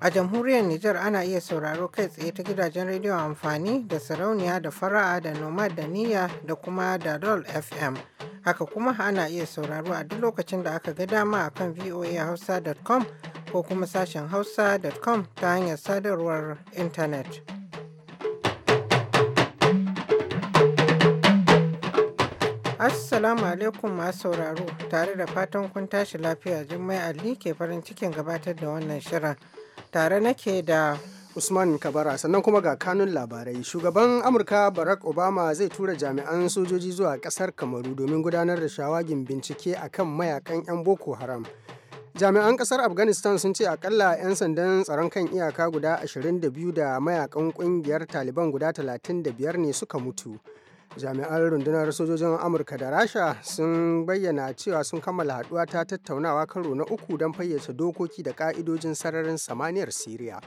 A jamhuriyar Nijar ana iya sauraro kai tsaye ta gidajen rediyo amfani da sarauniya da fara'a da nomad da niyya da kuma da dol FM. Haka kuma ana iya sauraro a duk lokacin da aka ga dama a kan voahausa.com ko kuma sashen hausa.com ta hanyar sadarwar intanet. Assalamu alaikum masu sauraro tare da fatan kun tashi lafiya Jummai Ali ke farin cikin gabatar da wannan shirin. Tare nake da Usman Kabara sannan kuma ga kanun labarai shugaban Amurka Barack Obama zai tura jami'an sojoji zuwa kasar Kamaru domin gudanar da shawagin bincike a kan mayakan 'yan Boko Haram. Jami'an kasar Afghanistan sun ce akalla 'yan sandan tsaron kan iyaka guda 22 da mayakan kungiyar Taliban guda 35 ne suka mutu. jami'an rundunar sojojin amurka da rasha sun bayyana cewa sun kammala haduwa ta tattaunawa karo na uku don fayyace dokoki da ka'idojin sararin samaniyar siriya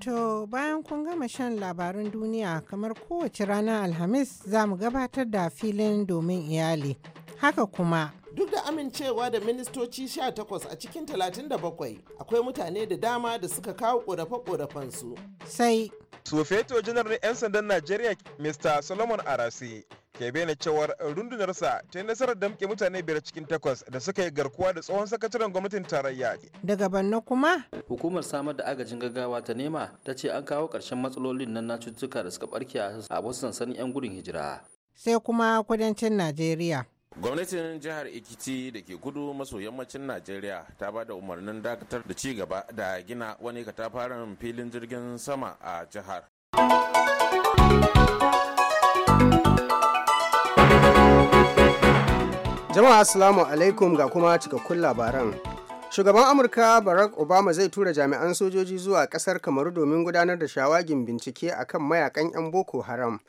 to bayan kun gama shan labarin duniya kamar kowace ranar alhamis za mu gabatar da filin domin iyali haka kuma duk da amincewa da ministoci 18 a cikin 37 akwai mutane da dama da suka kawo ƙorafe-ƙorafensu sai sufeto janar 'yan sandan najeriya mr solomon Arasi ke bayyana cewar rundunarsa ta yi nasarar damke mutane biyar cikin takwas da suka yi garkuwa da tsohon sakataren gwamnatin tarayya. Daga banna kuma? Hukumar samar da agajin gaggawa ta nema ta ce an kawo ƙarshen matsalolin nan na cututtuka da suka barke a wasu sansanin 'yan gudun hijira. Sai kuma kudancin Najeriya. gwamnatin jihar ekiti da ke kudu maso yammacin najeriya ta ba da umarnin dakatar da ci gaba da gina wani katafaren filin jirgin sama a jihar jama'a assalamu alaikum ga kuma cikakkun labaran Shugaban Amurka Barack Obama zai tura jami'an sojoji zuwa kasar Kamaru domin gudanar da shawagin bincike akan mayakan 'yan Boko Haram.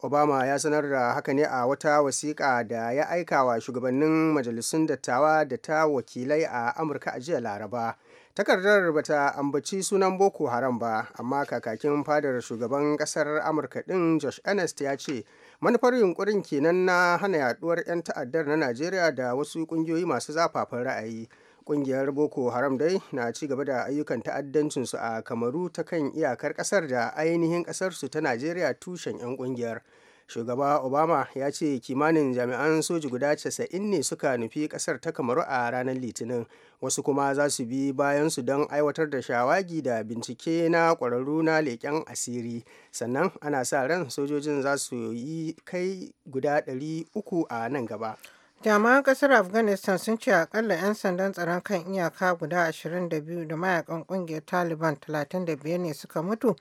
obama ya sanar da haka ne a wata wasiƙa da ya aika wa shugabannin majalisun dattawa da ta wakilai a amurka a jiya laraba takardar ba ta ambaci sunan boko haram ba amma kakakin fadar shugaban ƙasar amurka ɗin, josh ernest ya ce manufar yunkurin kenan na hana yaduwar 'yan ta'addar na najeriya da wasu ƙungiyoyi masu zafafan ra'ayi Ƙungiyar Boko Haram dai na ci gaba da ayyukan ta'addancinsu a Kamaru ta kan iyakar ƙasar da ainihin ƙasarsu ta Najeriya tushen 'yan ƙungiyar. Shugaba Obama ya ce kimanin jami'an soji guda 90 ne suka nufi ƙasar ta Kamaru a ranar Litinin, wasu kuma za su bi bayansu don aiwatar da shawagi da bincike na ƙwararru na leƙen asiri. Sannan ana sa ran sojojin za su yi kai guda 300 a nan gaba. Jami'an kasar Afghanistan sun ce akalla 'yan sandan tsaron kan iyaka guda 22 da mayakan kungiyar Taliban 35 ne suka mutu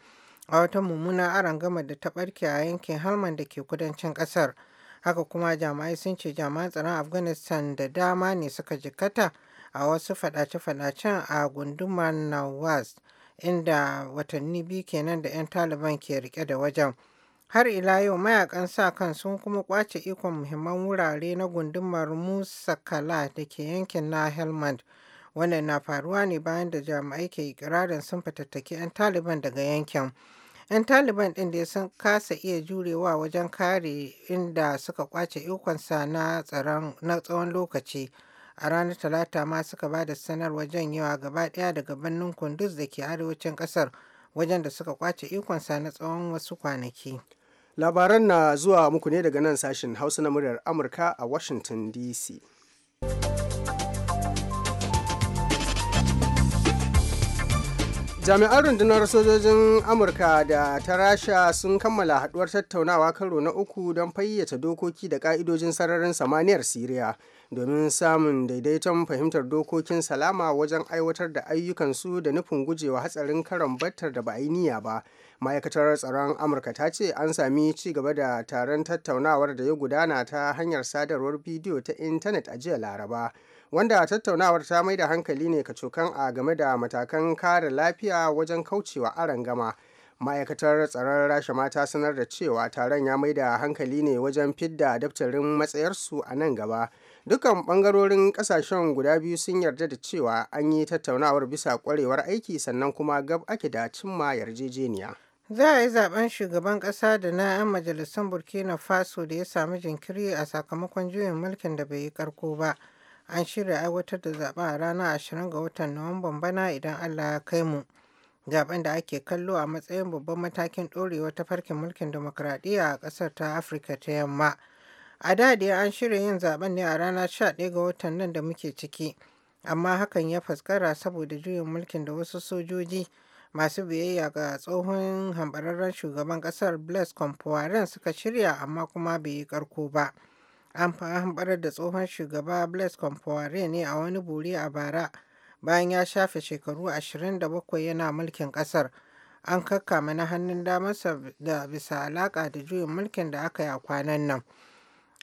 a wata aron arangama da ta barke a yankin halman da ke kudancin kasar. Haka kuma jami'ai sun ce jami'an tsaron Afghanistan da dama ne suka jikkata a wasu fadace-fadacen a gundumar Nawaz inda watanni biyu kenan da 'yan Taliban ke rike da wajen. Har ila yau mayakan sa-kan sun kuma kwace ikon muhimman wurare na gundumar musakala da ke yankin na Helmand. Wannan na faruwa ne bayan da jami'ai ke ikirarin sun fatattaki 'yan Taliban daga yankin. 'Yan Taliban ɗin da sun kasa iya jurewa wajen kare inda suka kwace ikonsa na tsawon lokaci. a ranar talata ma suka ba da wajen yawa gaba daya daga birnin kunduz da ke arewacin kasar wajen da suka kwace ikonsa na tsawon wasu kwanaki labaran na zuwa muku ne daga nan sashen hausa na muryar amurka a washington dc jami'an rundunar sojojin amurka da ta rasha sun kammala haduwar tattaunawa karo na uku don fayyata dokoki da ka'idojin sararin samaniyar siriya domin samun daidaiton fahimtar dokokin salama wajen aiwatar da ayyukansu da nufin gujewa hatsarin karon battar da ba a yi niyya ba ma'aikatar tsaron amurka ta ce an sami ci gaba da taron tattaunawar da ya gudana ta hanyar sadarwar bidiyo ta intanet a jiya laraba wanda tattaunawar ta mai da hankali ne kacokan a game da matakan kare lafiya wajen kaucewa gama, ma'aikatar tsaron rasha mata sanar da cewa taron ya mai da hankali ne wajen fidda daftarin matsayarsu a nan gaba Dukan bangarorin kasashen guda biyu sun yarda da cewa an yi tattaunawar bisa kwarewar aiki sannan kuma gab ake da cimma yarjejeniya. Za a yi zaben shugaban kasa da na 'yan majalisun Burkina Faso da ya samu jinkiri a sakamakon juyin mulkin da bai yi karko ba. An shirya aiwatar da zaben a ranar 20 ga watan Nuwamban bana idan Allah ya kai mu. zaben da ake kallo a matsayin babban matakin ɗorewa ta farkin mulkin demokradiyya a ƙasar ta afirka ta yamma A da dai an shirya yin zaben ne a ranar 11 ga watan nan da muke ciki, amma hakan ya faskara saboda juyin mulkin da wasu sojoji masu biyayya ga tsohon hambararren shugaban kasar Blaise Compaoré suka shirya amma kuma bai yi karko ba. An fara hambarar da tsohon shugaba Blaise Compaoré ne a wani buri a bara bayan ya shafe shekaru 27 yana mulkin kasar. An kakkama na hannun damarsa da bisa alaƙa da juyin mulkin da aka yi a kwanan nan.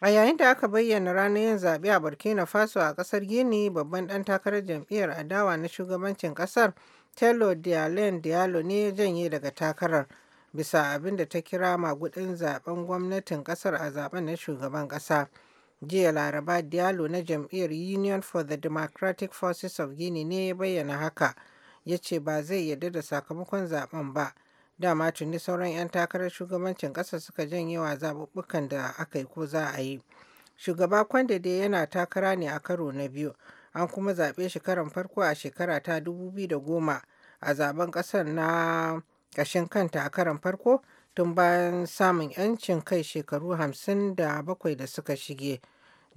A yayin da aka bayyana ranar yin zaɓe a Burkina Faso a ƙasar Gini, babban ɗan takarar jam'iyyar adawa na shugabancin ƙasar, Telo Dialen dialo ne ya janye daga takarar bisa abin da ta kira magudin zaben gwamnatin ƙasar a zaben na shugaban ƙasa. Jiya Laraba dialo na jam'iyyar Union for the Democratic Forces of Guinea ne ya bayyana haka, ya ce ba zai yarda da sakamakon zaben ba. dama tuni sauran 'yan takarar shugabancin ƙasa suka janye wa zaɓuɓɓukan da aka yi ko za a yi shugaba kwanda dai yana takara ne a karo na biyu an kuma zaɓe shi karon farko a shekara ta goma, a zaben ƙasar na ƙashin kanta a karon farko tun bayan samun 'yancin kai shekaru hamsin da bakwai da suka shige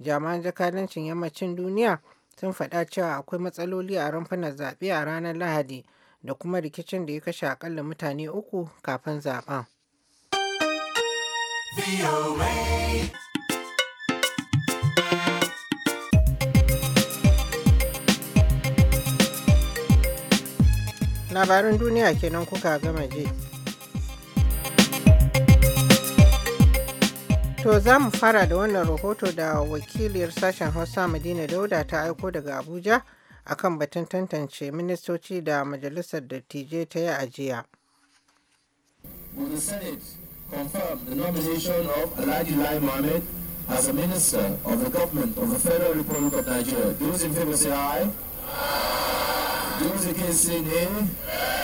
Jama'an jakadancin yammacin duniya sun faɗa cewa akwai matsaloli a rumfunan zaɓe a ranar lahadi da kuma rikicin da ya kashe akalla mutane uku kafin zaben. labarin duniya kenan kuka gama je. To za mu fara da wannan rahoto da wakiliyar sashen Hausa Madina Dauda ta aiko daga Abuja akan batun tantance ministoci da majalisar dattijai ta yi ajiya. Will the Senate confirm the nomination of Alhaji Mohammed as a minister of the government of the Federal Republic of Nigeria? Those in favor say aye. Those against say nay.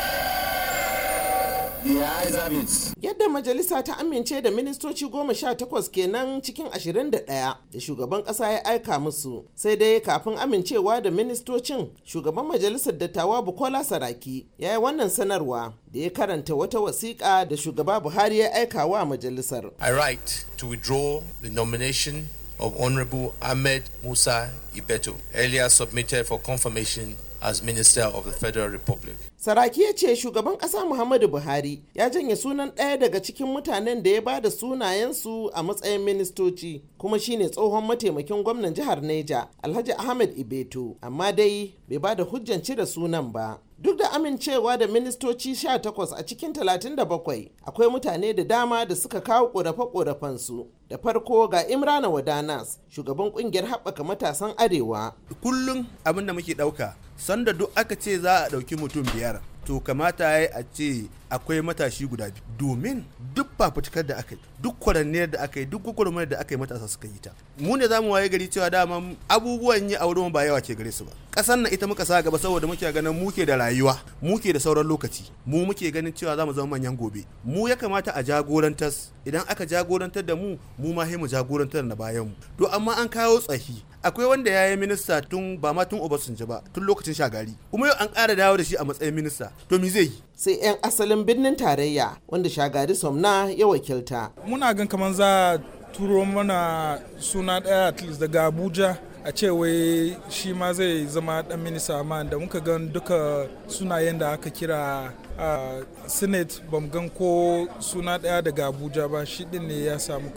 Yadda majalisa ta amince da ministoci goma sha takwas kenan cikin ashirin da ɗaya da shugaban ƙasa ya aika musu sai dai kafin amincewa da ministocin shugaban majalisar dattawa Bukola Saraki ya yi wannan sanarwa da ya karanta wata wasiƙa da shugaba Buhari ya aika wa majalisar. I write to withdraw the nomination of Honorable Ahmed Musa Ibeto earlier submitted for confirmation as Minister of the Federal Republic. Saraki ya ce shugaban ƙasa Muhammadu Buhari ya janye sunan ɗaya daga cikin mutanen da ya ba da sunayensu a matsayin ministoci kuma shine tsohon mataimakin gwamnan jihar Neja Alhaji Ahmed Ibeto amma dai bai ba da hujjan cire sunan ba. Duk da amincewa da ministoci 18 a cikin 37 akwai mutane da dama da suka kawo ƙorafe-ƙorafensu da farko ga imrana wadanas shugaban kungiyar haɓaka matasan arewa kullum abin da muke ɗauka sanda duk aka ce za a ɗauki mutum biyar to kamata ya yi a ce akwai matashi guda biyu domin duk fafutukar da aka yi duk kwaranniyar da aka yi duk gwagwarmar da aka yi matasa suka yi ta mu ne zamu waye gari cewa dama abubuwan yi a wurin ba yawa ke gare su ba kasan na ita muka sa gaba saboda muke ganin muke da rayuwa muke da sauran lokaci mu muke ganin cewa zamu zama manyan gobe mu ya kamata a jagorantar idan aka jagorantar da mu mu ma mu jagorantar na bayan mu to amma an kawo tsahi akwai wanda ya yi minista tun ba ma tun obasanjo ba tun lokacin shagari kuma yau an kara dawo da shi a matsayin minista to me zai yi sai 'yan asalin birnin tarayya wanda shagari somna ya wakilta muna gan kamar za turo mana suna ɗaya at least daga abuja a ce wai shi ma zai zama dan minista amma da muka gan duka sunayen da aka kira a senate bam gan ko suna ɗaya daga abuja ba shi ɗin ne ya samu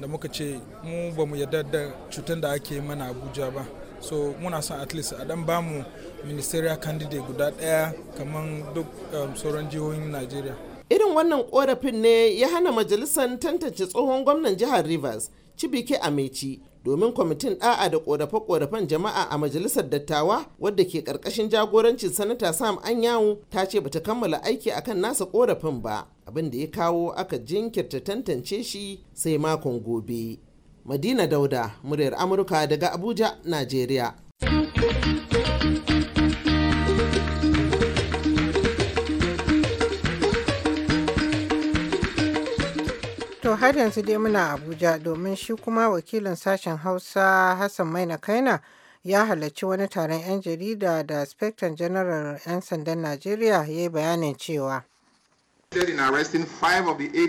da muka ce mu ba mu yarda da cutar da ake mana abuja ba so muna son at least a dan bamu ministerial candidate guda daya kamar duk um, sauran jihohin nigeria. irin wannan korafin ne ya hana majalisar tantance tsohon gwamnan jihar rivers cibike ameci domin kwamitin ɗa'a da ƙorafe-ƙorafen jama'a a majalisar dattawa wadda ke ƙarƙashin jagorancin sanata sam anyawu ta ce bata kammala aiki akan nasa ƙorafin ba abin da ya kawo aka jinkirta tantance shi sai makon gobe madina dauda muryar amurka daga abuja najeriya har yanzu dai muna Abuja domin shi kuma wakilin sashen Hausa Hassan Maina Kaina ya halarci wani taron 'yan jarida da Spectrum General 'yan sandan Najeriya ya yi bayanin cewa. in arresting five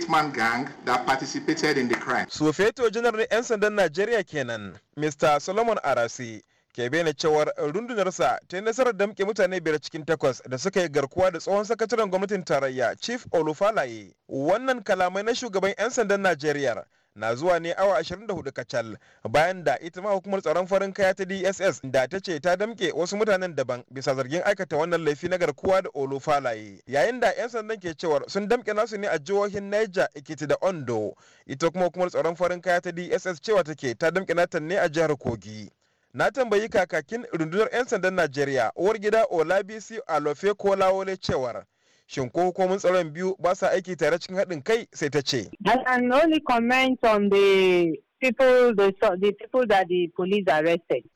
man gang participated in the Sufeto janar 'yan sandan Najeriya kenan, Mr. Solomon Arasi, ke bayyana cewar rundunarsa ta yi nasarar damke mutane biyar cikin takwas da suka yi garkuwa da tsohon sakataren gwamnatin tarayya chief olufalaye wannan kalamai na shugaban 'yan sandan najeriya na zuwa ne awa 24 kacal bayan da ita ma hukumar tsaron farin kaya ta dss da ta ce ta damke wasu mutanen daban bisa zargin aikata wannan laifi na garkuwa da olufalaye yayin da 'yan sandan ke cewar sun damke nasu ne a jihohin niger ikiti da ondo ita kuma hukumar tsaron farin kaya ta dss cewa take ta damke nata ne a jihar kogi na tambayi kakakin rundunar 'yan sandan najeriya uwar gida olabisi alofe ko lawole cewar shin ko hukumomin tsaron biyu ba sa aiki tare cikin haɗin kai sai ta ce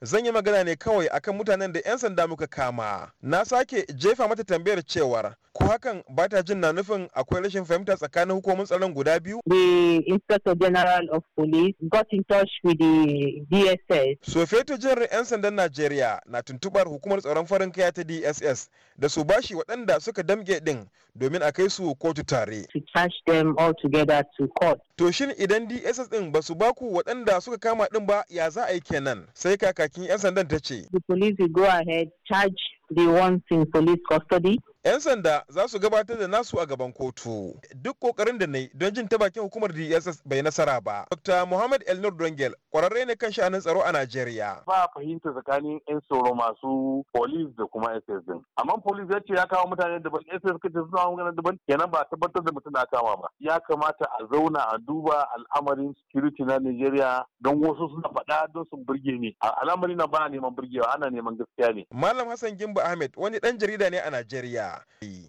Zan yi magana ne kawai akan mutanen da 'yan sanda muka kama. Na sake jefa mata tambayar cewar ko hakan ba ta jin na nufin akwai rashin fahimta tsakanin hukumomin tsaron guda biyu? The Inspector General of Police got in touch with the DSS. Sofeto Jihar 'yan sandan Najeriya na tuntubar hukumar tsaron farin kaya ta DSS da su bashi waɗanda suka damge ɗin domin a kai su kotu tare. To charge them all together to court. To shin idan DSS ɗin ba su baku waɗanda suka kama ɗin ba ya za a yi kenan? Sai kakakin 'yan sandan ta ce. The police will go ahead charge They want in police custody. 'Yan sanda za su gabatar da nasu a gaban kotu. Duk kokarin da na yi don jin ta bakin hukumar DSS bai nasara ba. Dr. Muhammad Elnur Dongel kwararre ne kan sha'anin tsaro a Najeriya. Ba fahimta tsakanin 'yan tsaro masu polis da kuma SS din. Amma polis ya ce ya kawo mutane daban SS kace suna mutane daban kenan ba tabbatar da mutum na kama ba. Ya kamata a zauna a duba al'amarin security na Najeriya don wasu suna faɗa don su burge ni. Al'amari na ba neman burgewa ana neman gaskiya ne. Malam Hassan Gimba Sambo Ahmed wani ɗan jarida ne a Najeriya.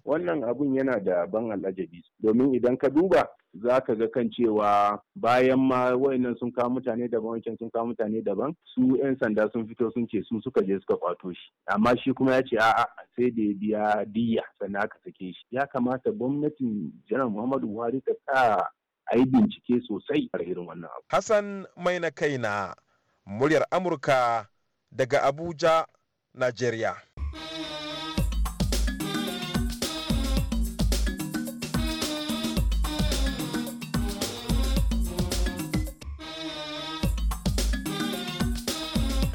Wannan abun yana da ban al'ajabi domin idan ka duba za ka ga kan cewa bayan ma wayannan sun kawo mutane daban wancan sun kawo mutane daban su 'yan sanda sun fito sun ce su suka je suka kwato shi amma shi kuma ya ce a'a sai da ya biya diya sannan aka sake shi ya kamata gwamnatin jiran muhammadu buhari ta sa a yi bincike sosai a irin wannan abu. hassan mai na kai na muryar amurka daga abuja najeriya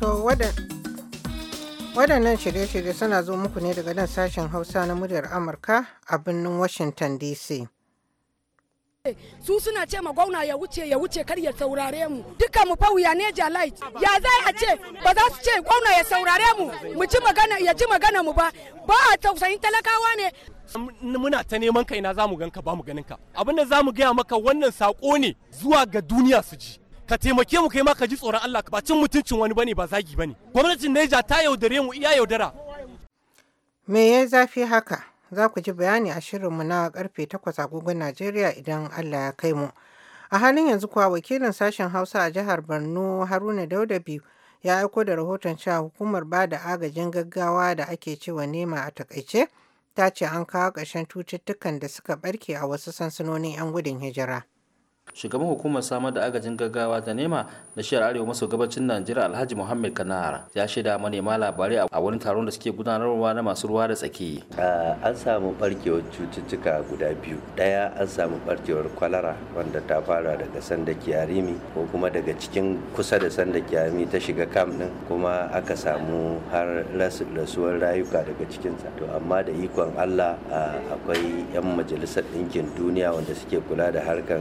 To waɗannan shirye-shirye suna zo muku ne daga nan sashen Hausa na muryar Amurka a birnin Washington DC. su suna ce ma ya wuce ya wuce kar ya saurare mu duka mu ne light ya za a ce ba za su ce gwauna ya saurare mu mu ji magana ya ji magana mu ba ba a tausayin talakawa ne muna ta neman kaina za mu ganka ba mu ganin ka abin da za gaya maka wannan sako ne zuwa ga duniya su ji ka taimake mu kai ma ka ji tsoron Allah ba cin mutuncin wani bane ba zagi bane gwamnatin Neja ta yaudare mu iya yaudara me ya zafi haka za ku ji bayani a shirinmu na karfe 8 agogon Najeriya idan Allah ya kai mu a halin yanzu kuwa wakilin sashen Hausa a jihar Borno Haruna Dauda biyu ya aiko da rahoton cewa hukumar ba da agajin gaggawa da ake cewa nema a takaice ta ce an kawo ƙarshen cututtukan da suka barke a wasu sansanonin 'yan gudun hijira. shugaban hukumar samar da agajin gaggawa ta nema da shiyar arewa maso gabacin najeriya alhaji muhammad Kanahar ya shaida manema labarai a wani taron da suke gudanarwa na masu ruwa da tsaki an samu barkewar cututtuka guda biyu daya an samu barkewar kwalara wanda ta fara daga sanda kiyarimi ko kuma daga cikin kusa da sanda kiyarimi ta shiga kam din kuma aka samu har rasuwar rayuka daga sa to amma da ikon allah akwai 'yan majalisar ɗinkin duniya wanda suke kula da harkar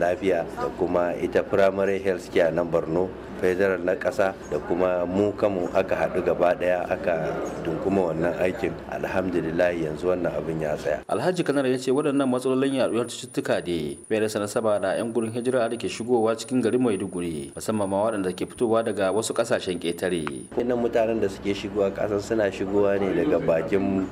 lafiya da kuma ita primary health care na borno federal na ƙasa da kuma mu kanmu aka haɗu gaba ɗaya aka dunkuma wannan aikin alhamdulillah yanzu wannan abin ya tsaya alhaji kanar ya ce waɗannan matsalolin yaɗuwar cututtuka ne bai da saba da 'yan gurin hijira da ke shigowa cikin gari mai maiduguri musamman ma waɗanda ke fitowa daga wasu ƙasashen ƙetare wannan mutanen da suke shigowa ƙasan suna shigowa ne daga bakin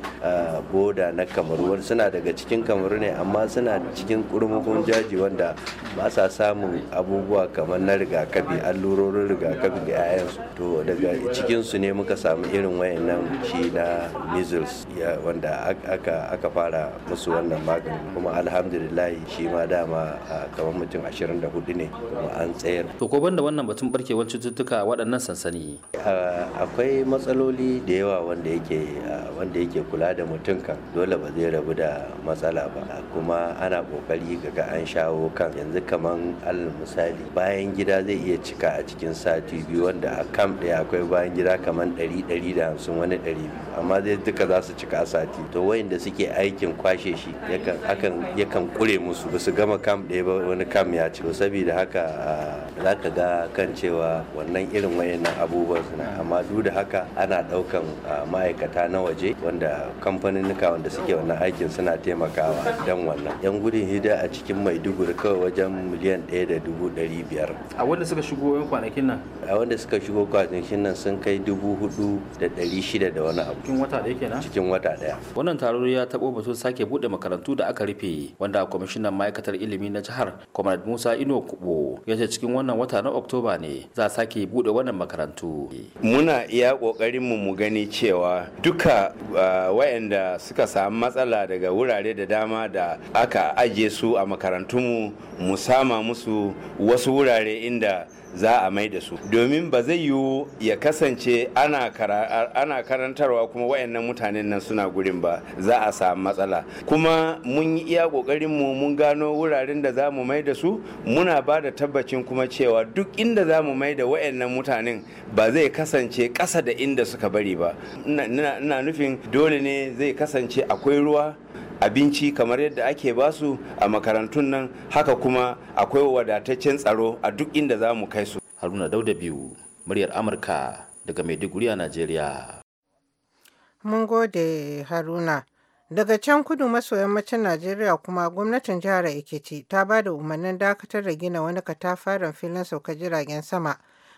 boda na kamaru suna daga cikin kamaru ne amma suna cikin ƙurmukun jaji wanda ba sa samun abubuwa kamar na rigakafi allurorin allurorin rigakafi ga 'ya'yansu to daga cikinsu ne muka samu irin wayannan shi na measles wanda aka fara musu wannan magani kuma alhamdulillahi shi ma dama kamar mutum 24 ne kuma an tsayar to ko banda wannan batun barkewar cututtuka waɗannan sansani akwai matsaloli da yawa wanda yake wanda yake kula da mutum kan dole ba zai rabu da matsala ba kuma ana kokari ga an shawo kan yanzu kaman alal misali bayan gida zai iya cika a cikin cikin sati biyu wanda a kam ɗaya akwai bayan gida kamar ɗari ɗari da hamsin wani ɗari biyu amma zai duka za su cika a sati to wayanda suke aikin kwashe shi yakan yakan kure musu ba su gama kam ɗaya ba wani kam ya ci saboda haka za ka ga kan cewa wannan irin wayannan abubuwan suna amma duk da haka ana ɗaukan ma'aikata na waje wanda kamfaninnika wanda suke wannan aikin suna taimakawa don wannan yan gudun hida a cikin maiduguri kawai wajen miliyan ɗaya da dubu ɗari biyar a wanda suka shigo yan kwanakin nan a wanda suka shigo kwanakin nan sun kai dubu hudu da ɗari shida da wani abu cikin wata ɗaya kenan cikin wata ɗaya wannan taron ya taɓo batu sake buɗe makarantu da aka rufe wanda kwamishinan ma'aikatar ilimi na jihar kwamanad musa ino kubo ya ce cikin wannan wata na oktoba ne za sake bude wannan makarantu muna iya kokarin mu gani cewa duka ah, wayanda suka samu matsala daga wurare da dama da aka ajiye su a makarantunmu mu sama musu wasu wurare inda za a mai da su domin ba zai yiwu ya kasance ana, karantarwa kuma wayannan mutanen nan suna gurin ba za a samu matsala kuma mun yi iya kokarin mu mun gano wuraren da za mu mai da su muna ba da tabbacin kuma cewa duk inda za mu mai da wayannan mutanen ba zai kasance ƙasa da inda suka bari ba ina nufin dole ne zai kasance akwai ruwa abinci kamar yadda ake basu a makarantun nan haka kuma akwai wadataccen tsaro a duk inda za mu kai su haruna dauda biyu muryar amurka daga maiduguri a najeriya mun gode haruna daga can kudu maso yammacin najeriya kuma gwamnatin jihar ekiti ta ba da umarnin dakatar da gina wani katafaren filin sauka jiragen sama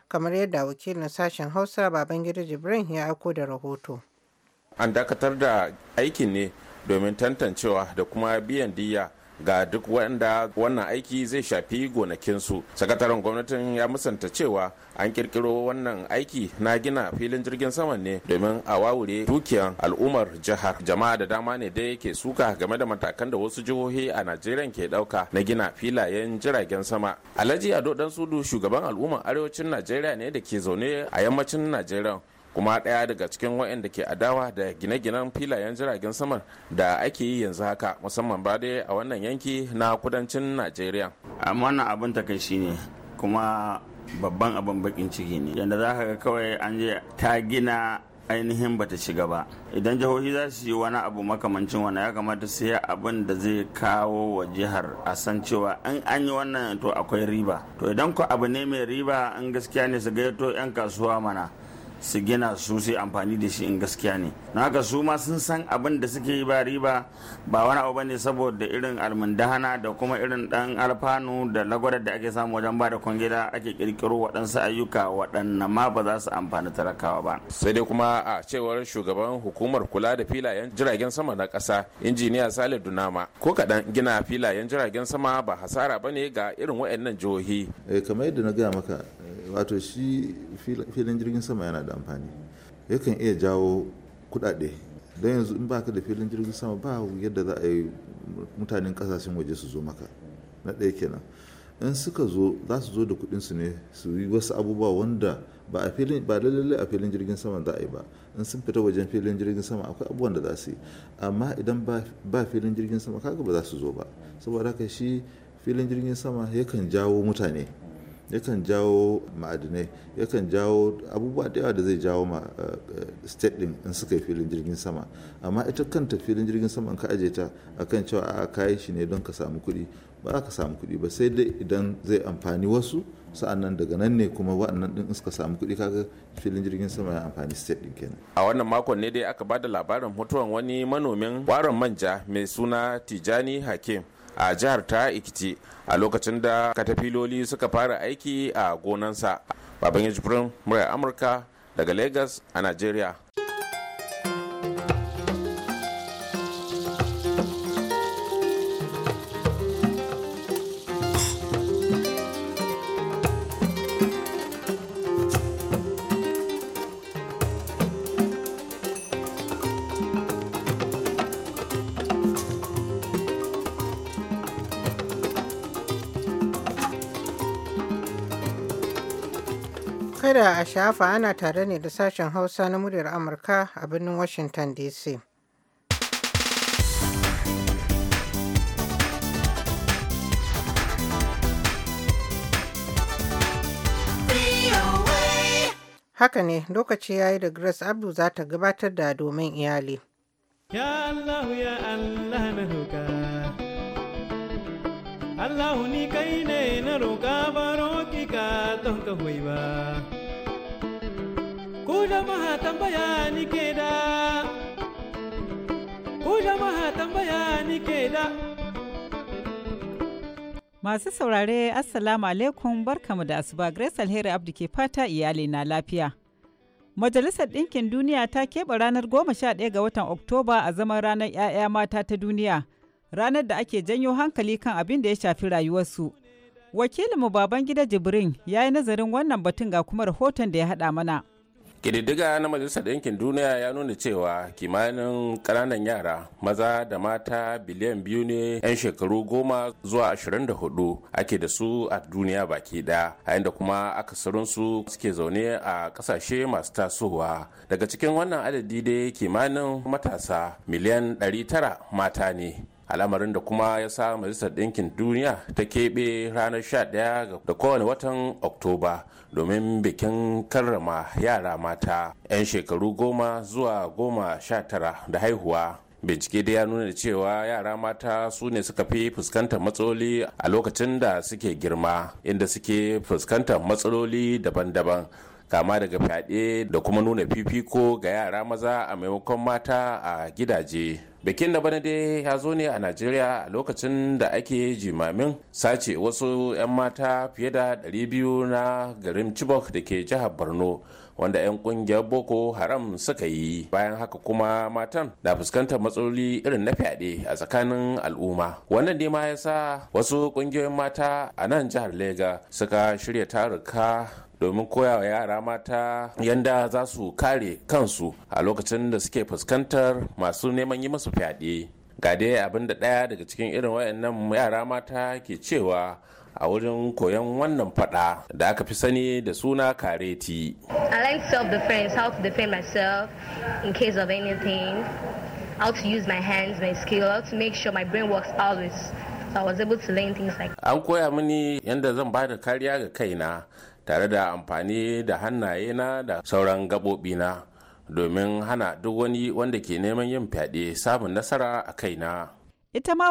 kamar yadda wakilin sashen hausa babangida jibrin ya aiko da rahoto an dakatar da aikin ne domin tantancewa da kuma biyan diya ga duk wanda wannan aiki zai shafi gonakinsu sakataren gwamnatin ya musanta cewa an kirkiro wannan aiki na gina filin jirgin saman ne domin a wawure dukiyan al'ummar jihar jama'a da dama ne dai yake suka game da matakan da wasu jihohi a najeriya ke dauka na gina filayen jiragen sama alhaji ado dan sudu shugaban al'ummar arewacin najeriya ne da ke zaune a yammacin najeriya kuma ɗaya daga cikin waɗanda ke adawa da gine-ginen filayen jiragen saman da ake yi yanzu haka musamman ba dai a wannan yanki na kudancin najeriya amma wannan abin takaici ne kuma babban abin bakin ciki ne yadda za ka ga kawai an je ta gina ainihin bata shiga ba idan jihohi za su yi wani abu makamancin wani ya kamata sai abin da zai kawo wa jihar a san cewa in an yi wannan to akwai riba to idan ku abu ne mai riba in gaskiya ne su gaito 'yan kasuwa mana su gina su sai amfani da shi in gaskiya ne na haka su ma sun san abin da suke yi ba riba ba wani abu bane saboda irin almundahana da kuma irin dan alfanu da lagwada da ake samu wajen ba da kwangila ake kirkiro waɗansu ayyuka waɗannan ma ba za su amfani talakawa ba sai dai kuma a cewar shugaban hukumar kula da filayen jiragen sama na ƙasa injiniya Sale Dunama ko kaɗan gina filayen jiragen sama ba hasara bane ga irin waɗannan jihohi eh, kamar yadda na gaya maka wato shi filin jirgin sama yana da amfani yakan iya jawo kudade don yanzu in baka da filin jirgin sama ba yadda za a yi mutanen kasashen waje su zo maka na ɗaya kenan in suka zo za su zo da kudinsu ne su yi wasu abubuwa wanda ba a filin ba lallai a filin jirgin sama za a yi ba in sun fita wajen filin jirgin sama akwai abubuwan da za su yi amma idan ba filin jirgin sama kaga ba za su zo ba saboda haka shi filin jirgin sama yakan jawo mutane yakan jawo ma'adinai yakan jawo abubuwa da yawa da zai jawo ma eh, eh, state din in suka yi filin jirgin sama amma ita kanta filin jirgin sama in ka aje ta akan cewa a kayi shi ne don ka samu kuɗi ba za ka samu kuɗi ba sai dai idan zai amfani wasu sa'annan daga nan ne kuma wa'annan din suka samu kuɗi kaga filin jirgin sama ya amfani state din kenan a wannan makon ne dai aka bada labarin mutuwan wani manomin waron manja mai suna tijani hakim a jihar ta ikiti a lokacin da katafiloli suka fara aiki a gonansa baban yajibirin murya amurka daga lagos a nigeria shafa ana tare ne da sashen Hausa na muryar Amurka a birnin Washington DC. Haka ne lokaci ya yi da Grace Abdu za ta gabatar da domin iyali. Ya Allah ni kai ne na roƙa baro ki ka ka ba. jama'a tambaya Masu saurare Assalamu alaikum barkamu da asuba Grace Alheri Abdi ke fata iyali na lafiya. Majalisar Ɗinkin Duniya ta keɓe ranar goma sha 11 ga watan Oktoba a zaman ranar 'ya'ya mata ta duniya, ranar da ake janyo hankali kan abin da ya shafi rayuwarsu. Wakilinmu baban gida Jibrin ya yi nazarin wannan batun ga kuma rahoton da ya haɗa mana. kididdiga na majalisar yankin duniya ya nuna cewa kimanin ƙananan yara maza da mata biliyan biyu ne 'yan shekaru goma zuwa ashirin da hudu ake da su a duniya baki ɗaya a da kuma akasarinsu suke zaune a ƙasashe masu tasowa daga cikin wannan adadi dai kimanin matasa miliyan 900 mata ne al'amarin da kuma ya sa majalisar ɗinkin duniya ta keɓe ranar 11 da kowane watan oktoba domin bikin karrama yara mata 'yan shekaru goma zuwa goma sha tara da haihuwa bincike da ya nuna cewa yara mata su ne suka fi fuskantar matsaloli a lokacin da suke girma inda suke fuskantar matsaloli daban-daban kama daga fyaɗe da kuma nuna fifiko ga yara maza a maimakon mata a gidaje bikin da bana dai ya zo ne a najeriya a lokacin da ake jimamin sace wasu 'yan mata fiye da 200 na garin chibok da ke jihar borno wanda 'yan kungiyar boko haram suka yi bayan haka kuma matan na fuskantar matsaloli irin na fyaɗe a tsakanin al'umma wannan ne ma ya sa wasu kungiyoyin mata a nan jihar lega suka shirya taruka domin koya wa yara mata yanda za su kare kansu a lokacin da suke fuskantar masu neman yi musu fyaɗe ga dai abin da ɗaya daga cikin irin wayannan yara mata ke cewa a wajen koyon wannan fada da aka fi sani da suna kareti. I like self-defense, how to defend myself in case of anything, how to use my hands, my skill, how to make sure my brain works always. So I was able to learn things like An koya mini yadda zan ba da kariya ga kaina tare da amfani da hannaye na da sauran na domin hana duk wani wanda ke neman yin fyaɗe samun nasara a kaina. Ita ma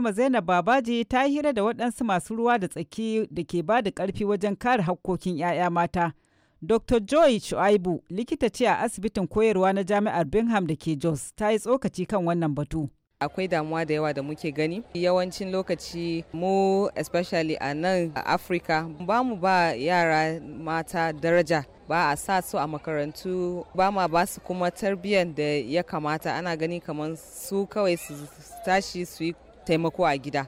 ma Zainab Babaji ta hira da waɗansu masu ruwa da tsaki da ke ba da ƙarfi wajen kare hakkokin 'ya'ya mata. Dr. Joy Shuaibu likita ce a asibitin koyarwa na Jami'ar birmingham da ke Jos ta yi tsokaci kan wannan batu. akwai damuwa da yawa da muke gani yawancin lokaci mu especially a nan a afirka ba mu ba yara mata daraja ba a sa su a makarantu ba ma ba su kuma tarbiyyar da ya kamata ana gani kamar su kawai su tashi su yi taimako a gida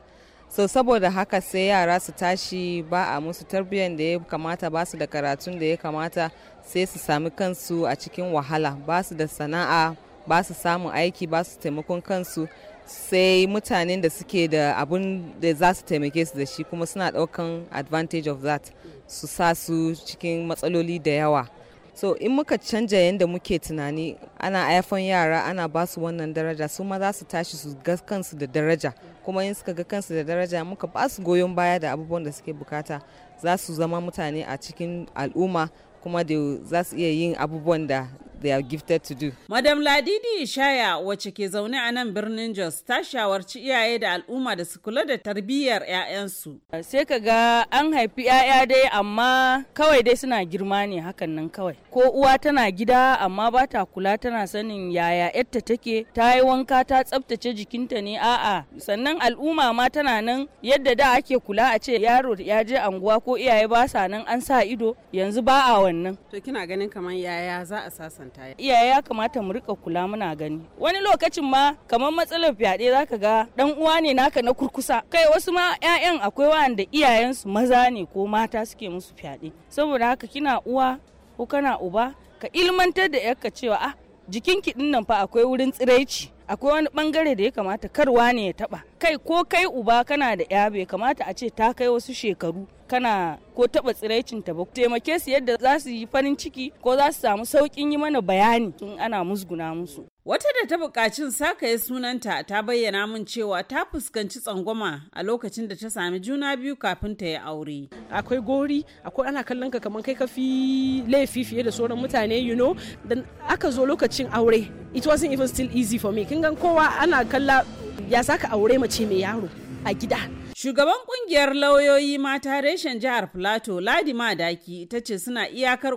so saboda haka sai yara su tashi ba a musu tarbiyyar da ya kamata ba su da karatun da ya kamata sai su sami kansu a cikin wahala ba su da sana'a ba su samun aiki ba su taimakon kansu sai mutanen da suke da abun da za su taimake su da shi kuma suna daukan advantage of that su sa su cikin matsaloli da yawa so in muka canja yadda muke tunani ana ayafon yara ana ba su wannan daraja su ma za su tashi su ga kansu da daraja kuma in suka ga kansu da daraja muka ba su goyon baya da abubuwan da suke bukata za su zama mutane a cikin al'umma kuma da za su iya yin abubuwan da they are gifted to do. Madam Ladidi Ishaya wacce ke zaune a nan birnin Jos ta shawarci iyaye da al'umma da su kula da tarbiyyar 'ya'yansu. Sai ka ga an haifi 'ya'ya dai amma kawai dai suna girma ne hakan nan kawai. Ko uwa tana gida amma ba ta kula tana sanin yaya 'yarta take ta yi wanka ta tsaftace jikinta ne a'a sannan al'umma ma tana nan yadda da ake kula a ce yaro ya je anguwa ko iyaye ba sa nan an sa ido yanzu ba a wannan. To kina ganin kamar yaya za a sasanta makaranta iyaye ya kamata mu rika kula muna gani wani lokacin ma kamar matsalar fyaɗe zaka ga ɗan uwa ne naka na kurkusa kai wasu ma 'ya'yan akwai wanda iyayensu maza ne ko mata suke musu fyaɗe saboda haka kina uwa ko kana uba ka ilmantar da yarka cewa ah jikinki ɗin nan fa akwai wurin tsiraici akwai wani bangare da ya kamata karwa ne ya taba kai ko kai uba kana da ya bai kamata a ce ta kai wasu shekaru kana ko taba tsiraicin ta ba taimake su yadda za su yi farin ciki ko za su samu saukin yi mana bayani in ana musguna musu wata da ta buƙaci sakaye sunanta ta bayyana min cewa ta fuskanci tsangwama a lokacin da ta sami juna biyu kafin ta yi aure akwai gori akwai ana kallon ka kamar kai ka fi laifi fiye da sauran mutane you know dan aka zo lokacin aure it wasn't even still easy for me kin gan kowa ana kalla ya zaka aure mace mai yaro a gida Shugaban kungiyar lauyoyi mata reshen jihar Filato Ladi Madaki ita ce suna iyakar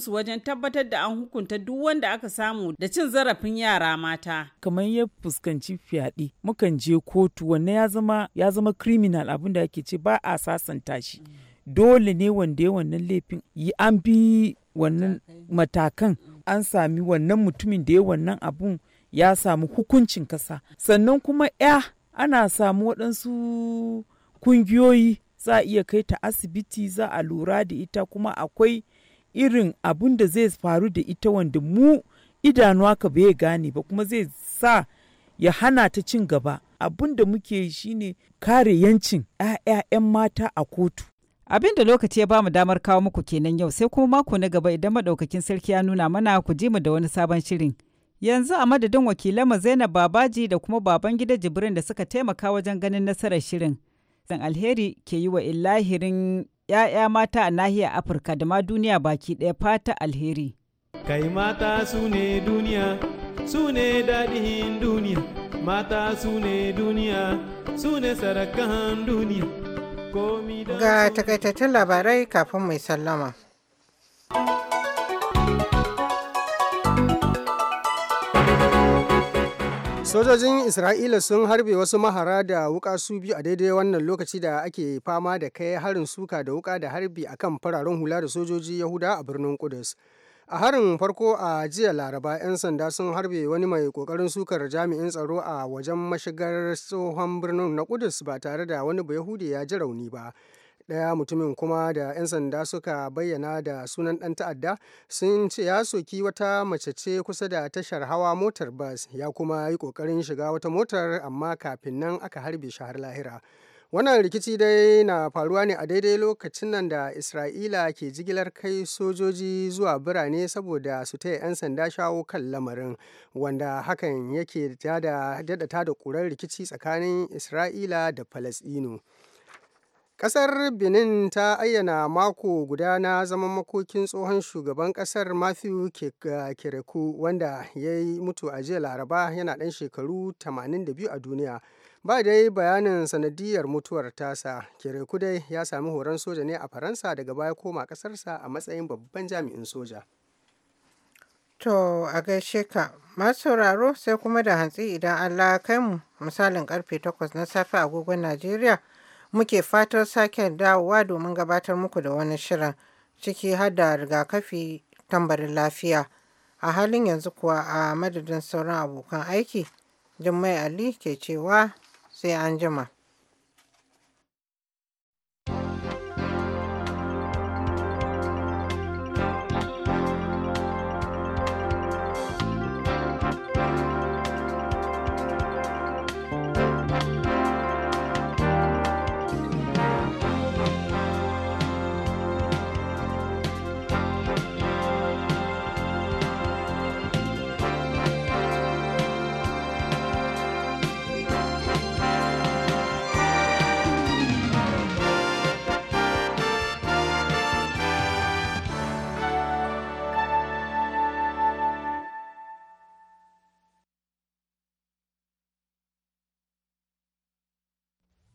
su wajen tabbatar da an hukunta duk wanda aka samu da cin zarafin yara mata. Kamar ya fuskanci fyaɗe, mukan je kotu wanne ya zama ya zama criminal abin da ake ce ba a sasanta shi. Dole ne wanda ya wannan laifin yi an bi wannan matakan an sami wannan mutumin da ya wannan abun ya samu hukuncin kasa sannan kuma ya ana samu waɗansu kungiyoyi za a iya kai ta asibiti za a lura da ita kuma akwai irin abun da zai faru da ita wanda mu idanuwa ka bai gane ba kuma zai sa ya hana ta cin gaba abun da muke shine kare yancin 'ya'yan mata a kotu abin da lokaci ya bamu damar kawo muku kenan yau sai kuma mako na gaba idan madaukakin sarki ya nuna mana ku ji mu da wani sabon shirin Yanzu a madadin wakilanmu Zainab Babaji da kuma baban Babangida Jibrin da suka taimaka wajen ganin nasarar shirin. Zan alheri ke yi wa illahirin ‘ya'ya mata a nahiyar Afirka da ma duniya baki ɗaya fata alheri. Kai mata su ne duniya, su ne daɗin duniya, mata su ne duniya, su ne sarakan duniya. Ga takaitattun labarai kafin mai sallama. Sojojin Isra'ila sun harbe wasu mahara da wuka su biyu a daidai wannan lokaci da ake fama da kai harin suka da wuka da harbi a kan fararen hula da sojoji Yahuda a birnin Kudus. A harin farko a jiya Laraba 'yan sanda sun harbe wani mai kokarin sukar jami'in tsaro a wajen mashigar tsohon birnin na Kudus ba tare da wani Bayahudi ya ji rauni ba. ɗaya mutumin kuma da 'yan sanda suka bayyana da sunan ɗan ta'adda sun ce ya soki wata mace ce kusa da tashar hawa motar bas ya kuma yi ƙoƙarin shiga wata motar amma kafin nan aka harbe shi har lahira wannan rikici dai na faruwa ne a daidai lokacin nan da isra'ila ke jigilar kai sojoji zuwa birane saboda su taya 'yan sanda shawo kan lamarin wanda hakan yake daɗa da ƙurar rikici tsakanin isra'ila da falasɗinu Ƙasar Benin ta ayyana mako guda na zaman makokin tsohon shugaban ƙasar Matthew eh, Kereku wanda ya yi mutu a jiya Laraba yana ɗan shekaru 82 a duniya. Ba dai bayanin sanadiyyar mutuwar tasa, Kereku dai ya sami horon soja ne a Faransa daga baya koma ƙasarsa a matsayin babban jami'in soja. To a gaishe ka, masu sauraro sai kuma da hantsi idan Allah kai mu misalin karfe 8 na safe agogon Najeriya. muke fatar sake dawowa domin gabatar muku da wani shirin ciki har da rigakafi tambarin lafiya. A halin yanzu kuwa a madadin sauran abokan aiki, Jummai Ali ke cewa sai an jima.